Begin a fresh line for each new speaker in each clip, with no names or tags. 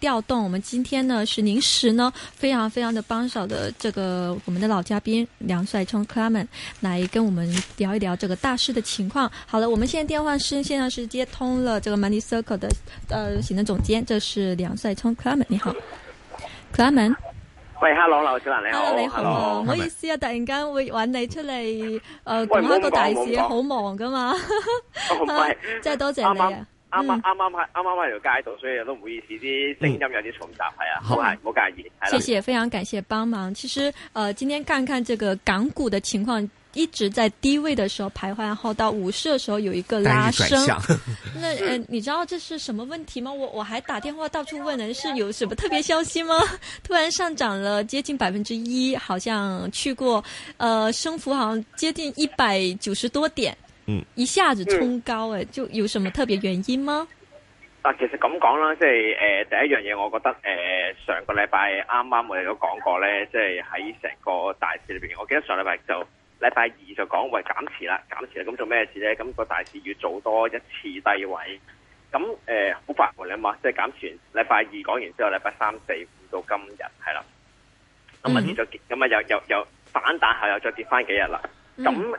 調動我們今天呢，是臨時呢，非常非常的幫手的這個我們的老嘉賓梁帥聰 Clayman 來跟我們聊一聊這個大事的情況。好了，我們現在電話是現在是接通了這個 Money Circle 的呃行政總監，這是梁帥聰 Clayman 你好 Clayman
喂，Hello，劉小蘭你好，Hello，你好，不好意
思啊，惜突然間會揾你出嚟呃講一個大事，好忙噶嘛，
啊、真係多謝，謝你啊。啊嗯啱啱啱啱喺啱啱喺條街度，所以都唔好意思啲聲音有啲嘈雜，係、嗯、啊，好係，唔好介意。謝謝，嗯、非
常感謝幫忙。其實，呃，今天看看這個港股的情況，一直在低位的時候徘徊，然後到午市的時候有一個拉升。那，呃是你知道這是什麼問題嗎？我我還打電話到處問人，是有什麼特別消息嗎？Okay. 突然上漲了接近百分之一，好像去過，呃，升幅好像接近一百九十多點。嗯，一下子衝高誒、欸，嗯、就有什麼特別原因嗎？
其實咁講啦，即係誒，第一樣嘢，我覺得誒、呃，上個禮拜啱啱我哋都講過咧，即係喺成個大市裏邊，我記得上禮拜就禮拜二就講喂減持啦，減持啦，咁做咩事咧？咁、那個大市要做多一次低位，咁誒好麻煩你啊嘛，即係減持禮拜二講完之後，禮拜三、四、五到今日係啦，咁啊跌咗，咁啊又又又反彈後又再跌翻幾日啦。咁誒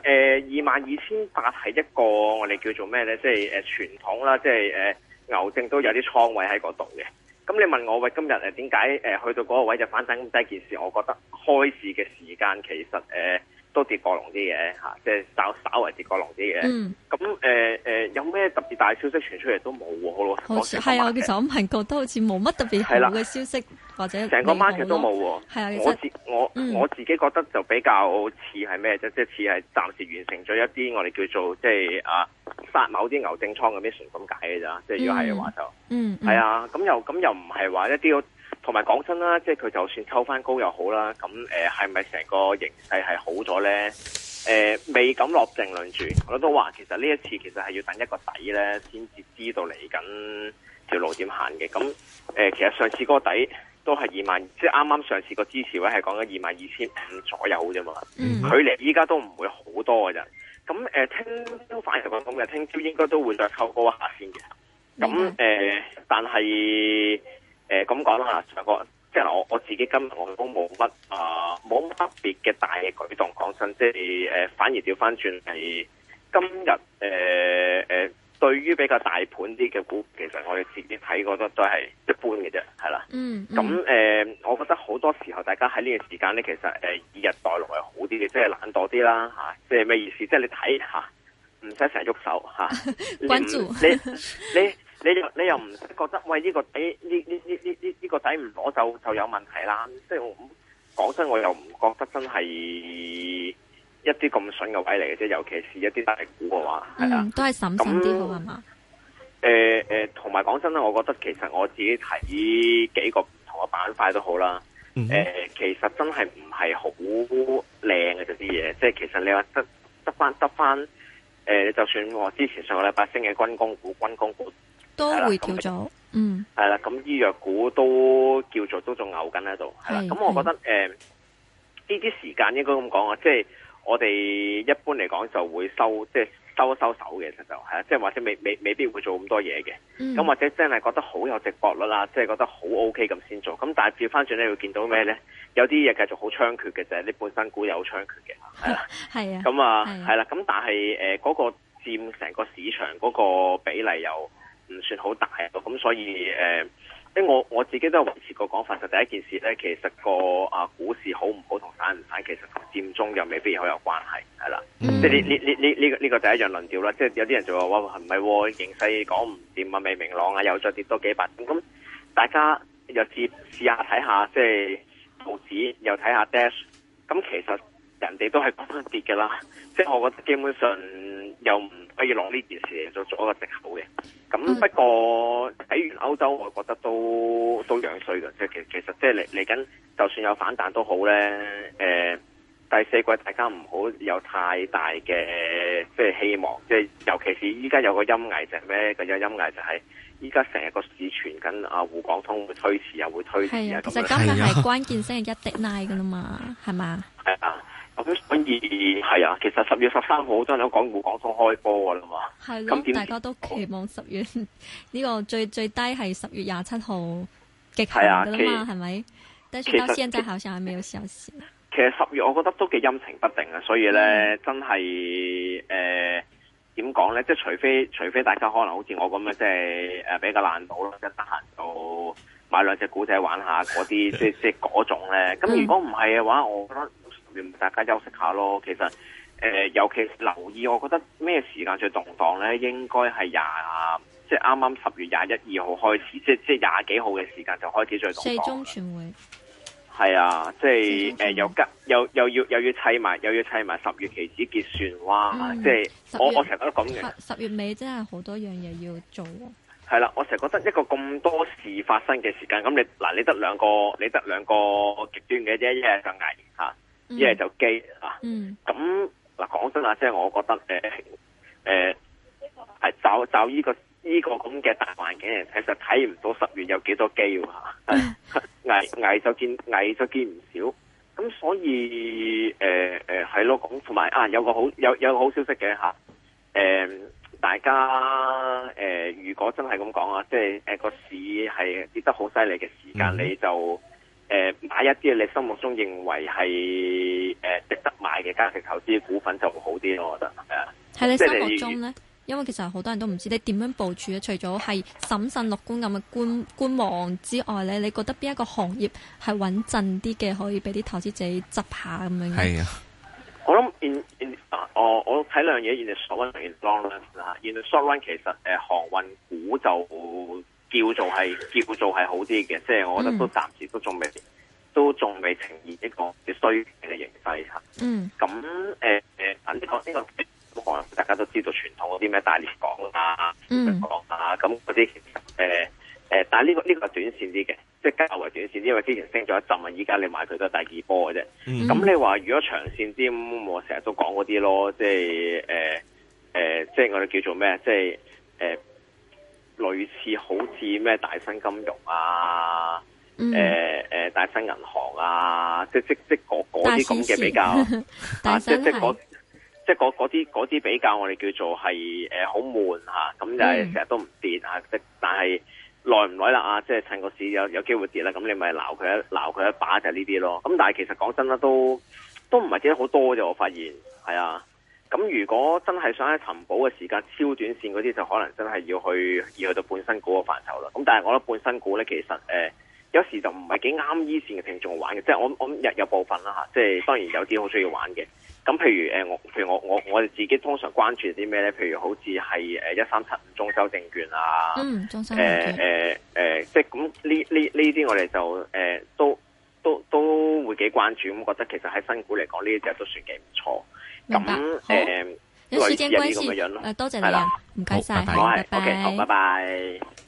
二萬二千八係一個我哋叫做咩咧？即係誒傳統啦，即係誒牛證都有啲倉位喺嗰度嘅。咁你問我喂，呃，今日誒點解誒去到嗰個位就反身第一件事？我覺得開市嘅時間其實誒。呃都跌過龍啲嘅，即係稍稍微跌過龍啲嘅。嗯，咁誒、呃呃、有咩特別大消息傳出嚟都冇喎，好老實講。係啊，其實
我覺得好似冇乜特別好嘅消息，或者成個 market
都冇喎。係啊，我自我、嗯、我自己覺得就比較似係咩啫？即係似係暫時完成咗一啲我哋叫做即係啊殺某啲牛證倉嘅 mission 咁解嘅咋？即係如果係嘅話就嗯係啊，咁、嗯嗯、又咁又唔係話一啲同埋講真啦，即係佢就算抽翻高又好啦，咁係咪成個形勢係好咗呢、呃？未敢落定論住，我都話其實呢一次其實係要等一個底呢，先至知道嚟緊條路點行嘅。咁、呃、其實上次個底都係二萬，即係啱啱上次個支持位係講緊二萬二千五左右啫嘛。距離依家都唔會好多嘅人。咁聽朝反實講咁嘅，聽朝應該都會再抽高一下先嘅。咁、mm hmm. 呃、但係。誒，咁講啦吓，上個即係、就是，我我自己今日我都冇乜啊，冇乜別嘅大嘅舉動，講真，即係誒，反而調返轉係今日誒誒，對於比較大盤啲嘅股，其實我哋自己睇覺得都係一般嘅啫，係啦、嗯。
嗯。咁誒、呃，
我覺得好多時候大家喺呢段時間咧，其實誒，以逸待勞係好啲嘅，即係懶惰啲啦吓，即係咩意思？即、就、係、是、你睇下，唔使成日喐手吓，啊、 關注你你。你你又你又唔覺得？喂，呢、呢個底，呢呢呢呢呢呢個底唔攞走就就有問題啦。即係我講真，我又唔覺得真係一啲咁筍嘅位嚟嘅啫。尤其是一啲大股嘅話，係啦、嗯，
的都係審慎啲好係嘛？
同埋講真啦，我覺得其實我自己睇幾個唔同嘅板塊都好啦、嗯哼呃。其實真係唔係好靚嘅嗰啲嘢。即係其實你話得得翻得翻誒、呃，就算我之前上個禮拜升嘅軍工股、軍工股。
都回
調咗，嗯，係啦，咁醫藥股都叫做都仲牛緊喺度，係啦是，咁我覺得誒呢啲時間應該咁講啊，即、就、係、是、我哋一般嚟講就會收，即、就、係、是、收一收手嘅、就是，其實就係啊，即係或者未未未必會做咁多嘢嘅，咁、嗯、或者真係覺得好有值博率啦，即、就、係、是、覺得好 OK 咁先做，咁但係調翻轉咧會見到咩咧？有啲嘢繼續好猖獗嘅，就係、是、你本身股又好猖獗嘅，
係啦，係 的啊，
咁啊係啦，咁但係誒嗰個佔成個市場嗰個比例又。唔算好大咯，咁所以、呃、我我自己都係維持個講法，就第一件事咧，其實、個啊股市好唔好同散唔散，其實佔中又未必好有關係，係啦，嗯、即呢呢呢呢呢個第一樣論調啦。即有啲人就話哇，唔係喎，形勢講唔掂啊，未明朗啊，又再跌多幾百點，咁大家又接試試下睇下，即係圖紙又睇下 Dash，咁其實人哋都係覺得跌㗎啦。即係我覺得基本上又唔。可以落呢件事嚟做做一個借口嘅，咁、嗯、不過睇完歐洲，我覺得都都樣衰嘅。即係其其實即係嚟嚟緊，就算有反彈都好咧。誒、呃，第四季大家唔好有太大嘅即係希望，即係尤其是依家有個陰霾，就咩、是，咁有陰霾就係依家成日個市傳緊、啊、滬港通會推遲又會推遲，係是其實今日係
關鍵星期一滴奶㗎 g 嘛，係嘛 吧？係啊。
所以係啊，其實十月十三號好多人都講港股通開波噶啦嘛，了大家
都期望十月呢、這個最最低係十月廿七號
極限噶啦嘛，係咪、啊？但係到時真係
考上係咩時候先？
其實十月我覺得都幾陰晴不定啊，所以咧、嗯、真係誒點講咧？即係除非除非大家可能好似我咁樣，就是就是嗯，即係誒比較爛到啦，即得閒就買兩隻股仔玩下嗰啲，即係即係嗰種咧。咁如果唔係嘅話，我覺得。大家休息下咯。其實，誒、呃、尤其留意，我覺得咩時間最動蕩咧？應該係廿，即係啱啱十月廿一二號開始，即係即係廿幾號嘅時間就開始最動蕩。四中全會係啊，即係誒、呃、又急又又，又要又要砌埋又要砌埋十月期指結算哇！嗯、即係十月我我成日都咁嘅。
十月尾真係好多樣嘢要做
的。係啦，我成日覺得一個咁多事發生嘅時間，咁你嗱你得兩個你得兩個極端嘅啫，一係就危嚇。啊一係就機啊。咁嗱講真啊，即係我覺得誒誒係就就呢個呢、這個咁嘅大環境嚟睇，其實睇唔到十月有幾多機喎吓，危危、嗯、 就見危就見唔少，咁所以誒誒係咯，同、呃、埋啊有個好有有個好消息嘅吓，誒、呃、大家誒、呃、如果真係咁講啊，即係誒個市係跌得好犀利嘅時間，你就、嗯。誒、呃，買一啲你心目中認為係誒值得買嘅價值投資股份就會好啲，我覺得係啊。係你心目中咧？
因為其實好多人都唔知你點樣部署啊。除咗係審慎樂觀咁嘅觀觀望之外咧，你覺得邊一個行業係穩陣啲嘅，可以俾啲投資者執下咁樣嘅？
係啊的，我諗、uh, uh, 我我睇兩樣嘢，in the short run, in the long run, in the short run, 其實誒航運股就。叫做係叫做係好啲嘅，即係我覺得都暫時都仲未都仲未呈現一個嘅衰退嘅形勢嚇。嗯。咁誒誒，呢個呢
個，
咁可能大家都知道傳統嗰啲咩大連港啊、香港啊，咁嗰啲其實誒誒，但係呢個呢個係短線啲嘅，即係較為短線，因為之前升咗一陣啊，依家你買佢都係第二波嘅啫。咁、嗯、你話如果長線啲、嗯，我成日都講嗰啲咯，即係誒誒，即係我哋叫做咩啊，即係誒。呃類似好似咩大新金融啊，誒誒、嗯呃呃、大新銀行啊，即即即嗰啲咁嘅比較，即即嗰即嗰啲啲比較，我哋叫做係誒好悶吓，咁就成日都唔跌啊，即但係耐唔耐啦啊，即，久久啊即趁個市有有機會跌啦，咁你咪撈佢一撈佢一把就呢啲咯。咁、嗯、但係其實講真啦，都都唔係跌得好多啫，我發現係啊。是咁如果真係想喺尋寶嘅時間超短線嗰啲，就可能真係要去要去到半新股嘅範疇啦。咁但係我覺得半新股咧，其實誒、呃、有時就唔係幾啱依線嘅聽眾玩嘅，即係我我有有部分啦嚇、啊，即係當然有啲好需要玩嘅。咁譬如誒、呃，我譬如我我我哋自己通常關注啲咩咧？譬如好似係一三七五中州證券啊，嗯，中州證券、呃呃，即係咁呢呢呢啲我哋就誒、呃、都都都會幾關注，咁覺得其實喺新股嚟講，呢隻都算幾唔錯。明白，好，有時間關係，多謝你啊，唔該晒，好拜
拜。